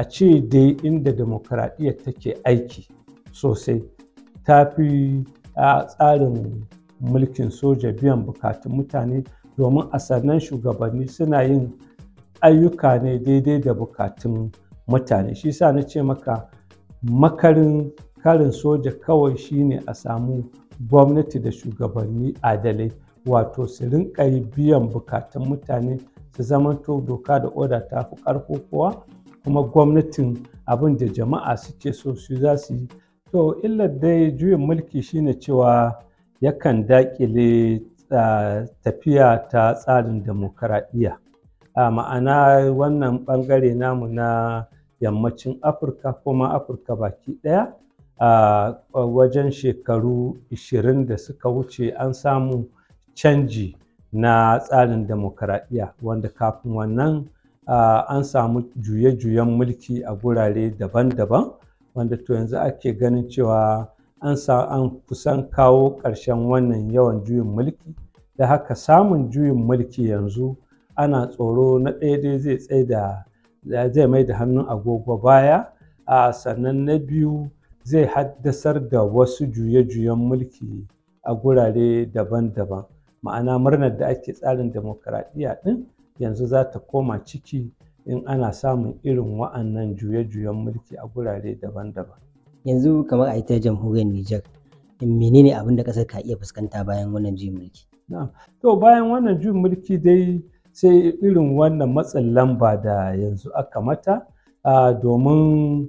a ce dai inda demokuraɗiyyar take aiki sosai ta fi a tsarin mulkin soja biyan bukatun mutane domin a sannan shugabanni suna yin ayyuka ne daidai da bukatun mutane shi sa na ce maka makarin karin soja kawai shine a samu gwamnati da shugabanni adalai wato su rinka biyan bukatun mutane su zamanto doka da oda ta fi kowa kuma gwamnatin abin da jama'a suke so su za su yi to illar dai juyin mulki shine cewa yakan dakile tafiya ta tsarin demokaradiyya a ma'ana wannan ɓangare namu na yammacin afirka kuma afirka baki ɗaya a wajen shekaru 20 da suka wuce an samu canji na tsarin demokaradiyya wanda kafin wannan an samu juye-juyen mulki a gurare daban-daban wanda to yanzu ake ganin cewa an an kusan kawo ƙarshen wannan yawan juyin mulki da haka samun juyin mulki yanzu ana tsoro na ɗaya dai zai tsaye da zai mai da hannun agogo baya a sannan na biyu zai haddasar da wasu juye-juyen mulki a gurare daban-daban ma'ana murnar da ake tsarin dimokuraɗiyya ɗin yanzu za ta koma ciki in ana samun irin wa'annan juye-juyen mulki a gurare daban-daban. Yanzu kamar a ita jamhuriyar Nijar, menene abin da ƙasar ka iya fuskanta bayan wannan juyin mulki? To bayan wannan juyin mulki dai sai irin wannan matsin lamba da yanzu aka mata domin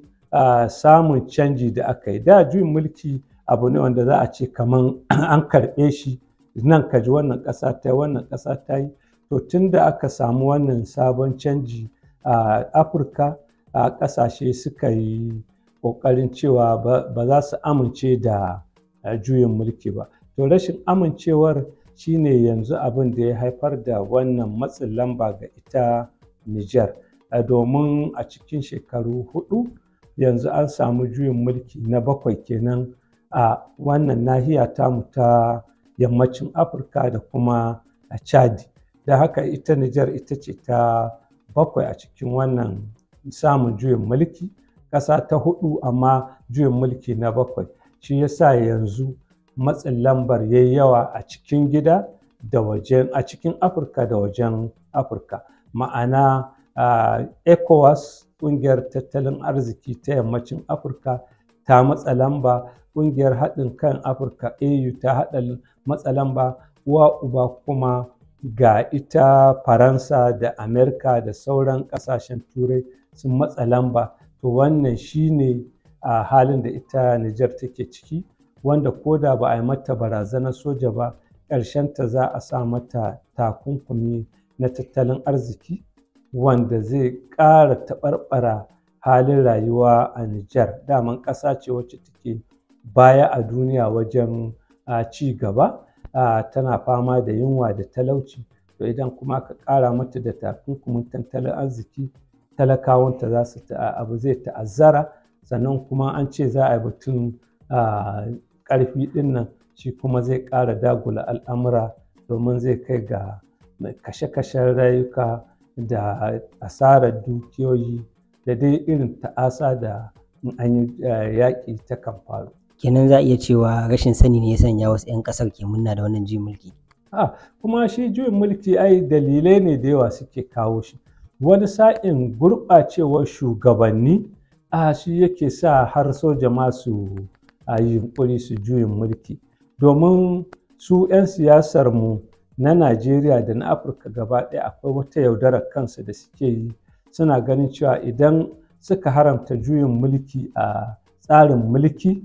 samun canji da aka yi. Da juyin mulki abu ne wanda za a ce kamar an karɓe shi nan ka ji wannan ƙasa ta yi wannan ƙasa ta yi to tun da aka samu wannan sabon canji a afirka a kasashe suka yi ƙoƙarin cewa ba za su amince da juyin mulki ba to rashin amincewar shine yanzu abin da ya haifar da wannan matsin lamba ga ita niger domin a cikin shekaru hudu yanzu an samu juyin mulki na bakwai kenan a wannan nahiya tamu ta yammacin afirka da kuma a chadi da haka ita Nijar ita ce ta bakwai a cikin wannan samun juyin mulki ƙasa ta hudu amma juyin mulki na bakwai shi yasa yanzu matsin lambar ya yawa a cikin gida da wajen a cikin afirka da wajen afirka ma'ana uh, ecowas ƙungiyar tattalin arziki ta yammacin afirka ta matsa lamba ƙungiyar haɗin kan afirka au ta haɗa matsa lamba uwa uba kuma ga ita faransa da amerika da sauran kasashen turai sun matsa lamba to wannan shine a halin da ita nijar take ciki wanda ko da ba a yi mata barazanar soja ba ta za a sa mata takunkumi na tattalin arziki wanda zai ƙara taɓarɓara halin rayuwa a Nijar daman ƙasa ce wacce take baya a duniya wajen ci gaba tana fama da yunwa da talauci to idan kuma ka ƙara mata da takunkumin tattalin arziki talakawanta za su abu zai ta'azzara sannan kuma an ce za a yi batun ƙarfi ɗinnan, shi kuma zai ƙara dagula al'amura domin zai kai ga kashe-kashen rayuka da asarar dukiyoyi da dai irin ta'asa da an yi yaƙi ta kan faru. kenan za a iya cewa rashin sani ne ya sanya wasu 'yan kasar ke munna da wannan juyin mulki ha ah, kuma shi juyin mulki ai dalilai ne da yawa suke kawo shi wani sa'in gurɓacewar shugabanni a shi yake sa har soja masu a yunƙuri su juyin mulki domin su 'yan siyasar mu na najeriya da na afirka gaba ɗaya akwai wata yaudarar kansu da suke yi suna ganin cewa idan suka haramta juyin mulki a tsarin mulki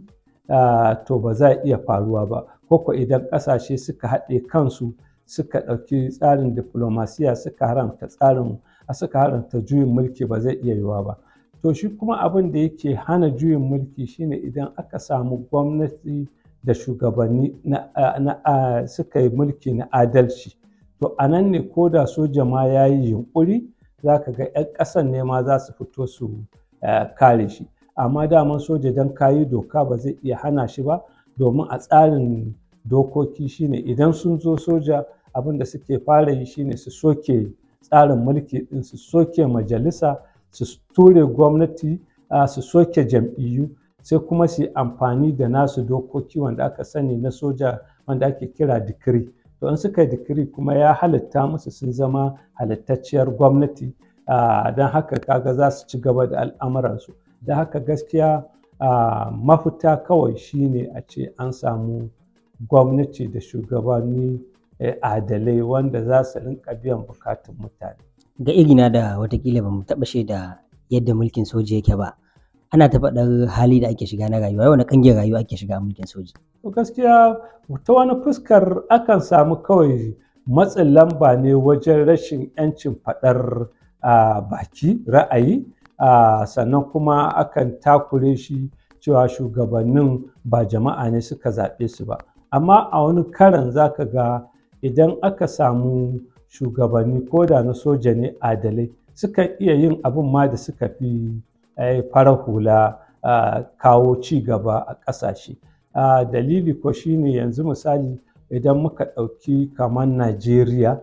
to ba za iya faruwa ba koko idan ƙasashe suka haɗe kansu suka ɗauki tsarin diflomasiya suka haramta tsarin suka haramta juyin mulki ba zai iya yiwa ba to shi kuma abin da yake hana juyin mulki shine idan aka samu gwamnati da shugabanni na, suka yi mulki na adalci to a nan ne ko da soja ma ya yi yunƙuri za ka ga 'yan ƙasan ne ma za su fito su kare shi amma daman soja don kayi doka ba zai iya hana shi ba domin a tsarin dokoki shine idan sun zo soja abin da suke fara yi shine su soke tsarin mulki din su soke majalisa su ture gwamnati su soke jam'iyyu sai kuma su amfani da nasu dokoki wanda aka sani na soja wanda ake kira dikiri to in suka yi dikiri kuma ya halitta musu sun zama halittacciyar gwamnati don haka kaga za su ci gaba da al'amuransu da haka gaskiya mafita kawai shine a ce an samu gwamnati da shugabanni eh, adalai wanda za su rinka biyan bukatun mutane ga irina da watakila ba mu taɓa shaida yadda mulkin soji yake ba ana ta faɗar hali da ake shiga na rayuwa wani ƙangin rayuwa ake shiga mulkin soji gaskiya ta wani fuskar akan samu kawai matsin lamba ne wajen rashin 'yancin faɗar baki ra'ayi sannan kuma akan takure shi cewa shugabannin ba jama'a ne suka zaɓe su ba amma a wani karan za ka ga idan aka samu shugabanni ko da na soja ne adalai suka iya yin abin ma da suka fi eh, fara hula kawo ci gaba a ƙasashe dalili ko shine yanzu misali idan muka ɗauki kamar najeriya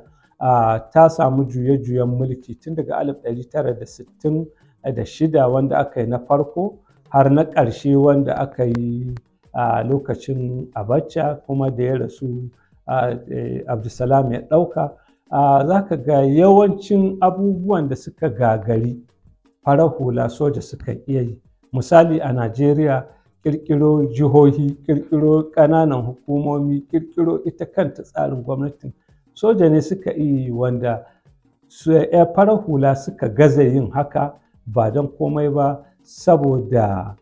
ta samu juye-juyen mulki tun daga 1960 da shida wanda aka yi na farko har na ƙarshe wanda aka yi a lokacin abacha kuma da ya rasu e, abdulsalam ya ɗauka za ka ga yawancin abubuwan da suka gagari farar hula soja suka iya yi misali a najeriya kirkiro jihohi kirkiro ƙananan hukumomi kirkiro ita kanta tsarin gwamnatin soja ne suka iya yi wanda farar hula suka gaza yin haka ba don komai ba saboda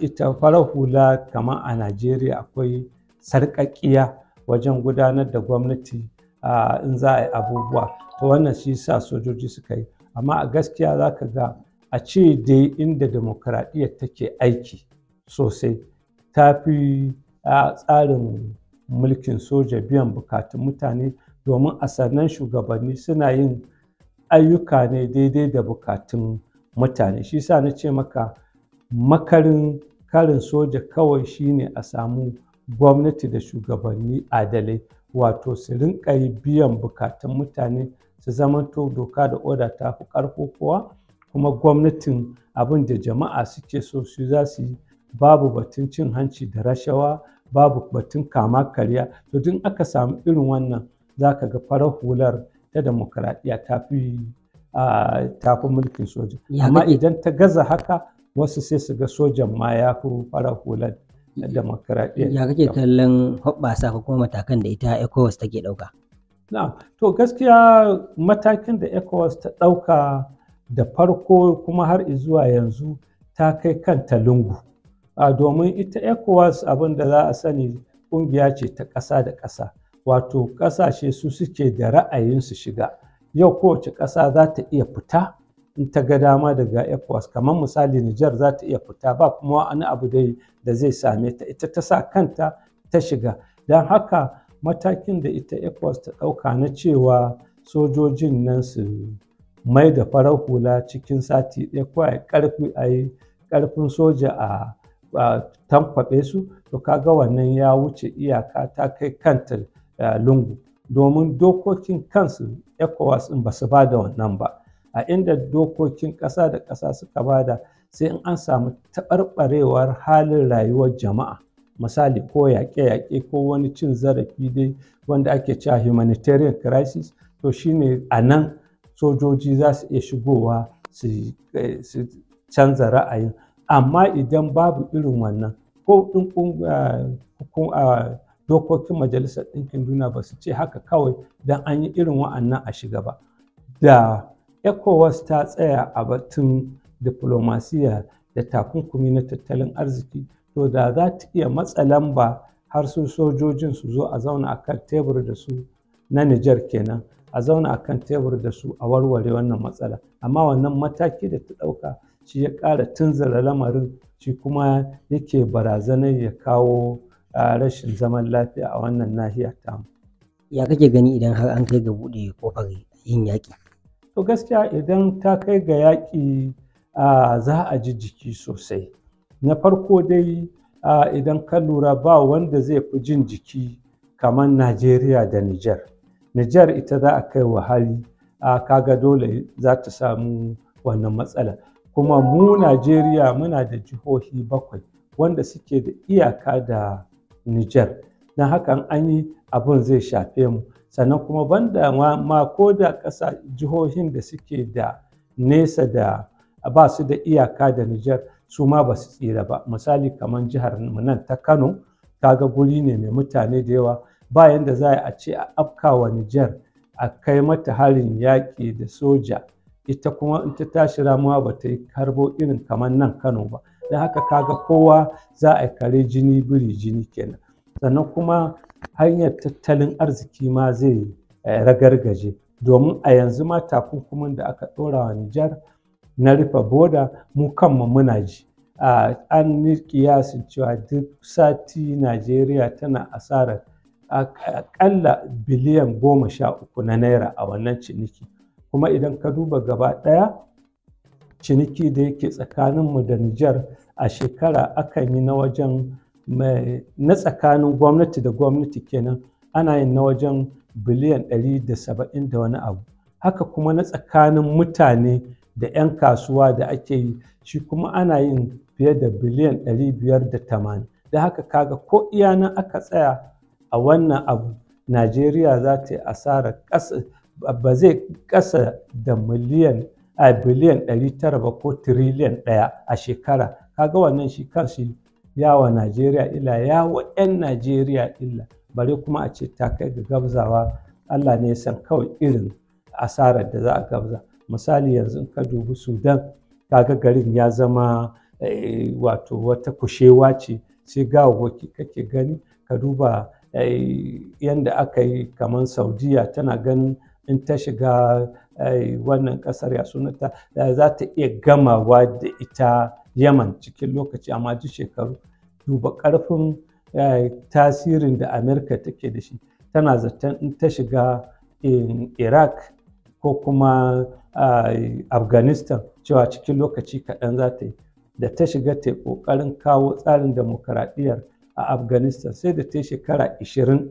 ita farar hula kamar a najeriya akwai sarƙaƙiya wajen gudanar da gwamnati in za a yi abubuwa to wannan shi sa sojoji suka yi amma a gaskiya za ka ga a ce dai inda demokuraɗiyya take aiki sosai ta fi tsarin mulkin soja biyan bukatun mutane domin a sannan shugabanni suna yin ayyuka ne daidai da bukatun mutane shi sa na ce maka makarin karin soja kawai shine a samu gwamnati da shugabanni adalai wato su rinka yi biyan bukatun mutane su zamanto doka da oda ta fi karko kowa kuma gwamnatin abin da jama'a suke so su za su yi babu batun cin hanci da rashawa babu batun kama karya to duk aka samu irin wannan za ka ga farar hular ta demokradiyya ta fi tafi mulkin soja amma idan ta gaza haka wasu sai su ga sojan ma ya fi farar hular demokaradiyya ya kake kallon hoɓɓasa ko kuma matakan da ita ecowas take ɗauka na'am to gaskiya matakin da ecowas ta ɗauka da farko kuma har zuwa yanzu ta kai kanta lungu domin ita ecowas abin da za a sani ƙungiya ce ta ƙasa da ƙasa wato ƙasashe su suke da ra'ayin su shiga yau kowace ƙasa za ta iya fita in ta ga dama daga ECOWAS kamar misali Niger za ta iya fita ba kuma wani abu dai da zai same ta ita ta sa kanta ta shiga don haka matakin da ita ECOWAS ta ɗauka na cewa sojojin nan su mai da farar hula cikin sati ɗaya ko ƙarfi a yi ƙarfin soja a tamfaɓe su to kaga wannan ya wuce iyaka ta kai kanta eh, lungu domin dokokin kansu ecowas ɗin ba su ba da wannan ba a inda dokokin ƙasa da ƙasa suka ba da sai in an samu taɓarɓarewar halin rayuwar jama'a misali ko yaƙe-yaƙe ko wani cin zarafi dai wanda ake cewa humanitarian crisis to shine a nan sojoji za su iya shigowa eh, su canza ra'ayin amma idan babu irin wannan ko ɗin eh, eh, dokokin majalisar ɗinkin duniya ba su ce haka kawai don an yi irin wa'annan a shiga ba da ecowas ta tsaya a batun diplomasiya da takunkumi na tattalin arziki to da za ta iya matsa lamba har su sojojin su zo a zauna a kan tebur da su na Nijar kenan a zauna a kan tebur da su a warware wannan matsala amma wannan mataki da ta ɗauka shi ya ƙara tunzara lamarin shi kuma yake barazanar ya kawo a rashin zaman lafiya a wannan nahiyar tamu. Ya kake gani idan har an kai ga buɗe kofar yin yaƙi? To gaskiya idan ta kai ga yaƙi za a ji jiki sosai. Na farko dai idan ka lura ba wanda zai fi jin jiki kamar Najeriya da Nijar. Nijar ita za a kai wa hali kaga dole za ta samu wannan matsala. Kuma mu Najeriya muna da jihohi bakwai wanda suke da iyaka da Nijar. na hakan an yi abin zai shafe mu. Sannan kuma banda da ma ko da ƙasa jihohin da suke da nesa da ba su da iyaka da Nijar su ma ba su tsira ba. Misali kamar jihar nan ta Kano, kaga guri ne mai mutane da yawa ba da za a ce a afkawa Nijar a kai mata harin yaƙi da soja ita kuma in ta tashi ramuwa ba ta yi karbo irin kamar nan Kano ba. don haka kaga kowa za a kare jini biri jini kenan sannan kuma hanyar tattalin arziki ma zai eh, ragargaje domin a yanzu ma takunkumin da aka ɗora wa Nijar na rufe boda mu kanmu muna ji an yi kiyasin cewa duk sati Najeriya tana asarar akalla biliyan goma sha uku na naira a wannan ciniki kuma idan ka duba gaba ɗaya ciniki da yake tsakaninmu da Nijar a shekara akan yi na wajen na tsakanin gwamnati da gwamnati kenan ana yin na wajen biliyan 170 da wani abu haka kuma na tsakanin mutane da 'yan kasuwa da ake yi shi kuma ana yin fiye da biliyan 580 da haka kaga ko iya nan aka tsaya a wannan abu najeriya za ta yi asarar ba zai ƙasa da miliyan a biliyan 900 ko tiriliyan ɗaya a shekara kaga wannan shi kansu yawa najeriya illa yawa 'yan najeriya illa bare kuma a ce ta kai ga gabzawa allah ne san kawai irin asarar da za a gabza misali yanzu ka dubi sudan kaga garin ya zama eh, wato wata kushewa ce sai gawawwaki kake gani ka duba eh, yanda aka yi kamar saudiya tana ganin in ta shiga wannan kasar ya sunanta da za ta iya gamawa da ita yaman cikin lokaci amma duk shekaru duba ƙarfin eh, tasirin da amerika take da shi tana zaton in ta shiga eh, iraq ko kuma eh, afghanistan cewa cikin lokaci kaɗan za ta yi da ta shiga ta ƙoƙarin kawo tsarin demokaradiyyar a afghanistan sai da ta shekara 20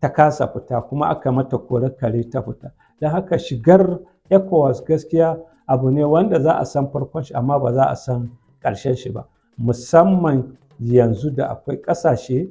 ta kasa fita kuma aka mata kore kare ta fita don haka shigar ecowas gaskiya abu ne wanda za a san farkon shi amma ba za a san ƙarshen shi ba musamman yanzu da akwai ƙasashe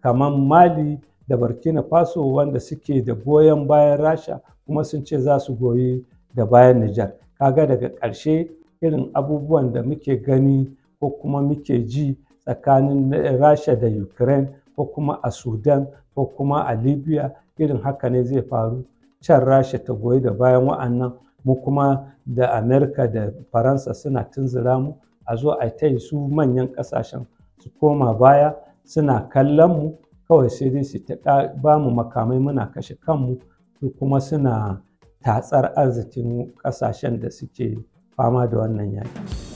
kamar mali da burkina faso wanda suke da goyon bayan rasha kuma sun ce za su goyi da bayan nijar kaga daga ƙarshe irin abubuwan da muke gani ko kuma muke ji tsakanin rasha da ukraine ko kuma a sudan ko kuma a libya irin haka ne zai faru can rasha ta goyi da bayan wa'annan mu kuma da amerika da faransa suna tunzura mu a zo a ta su manyan ƙasashen su koma baya suna kallon mu kawai sai dai su ta ba mu makamai muna kashe kanmu su kuma suna tatsar arzikin ƙasashen da suke fama da wannan yaki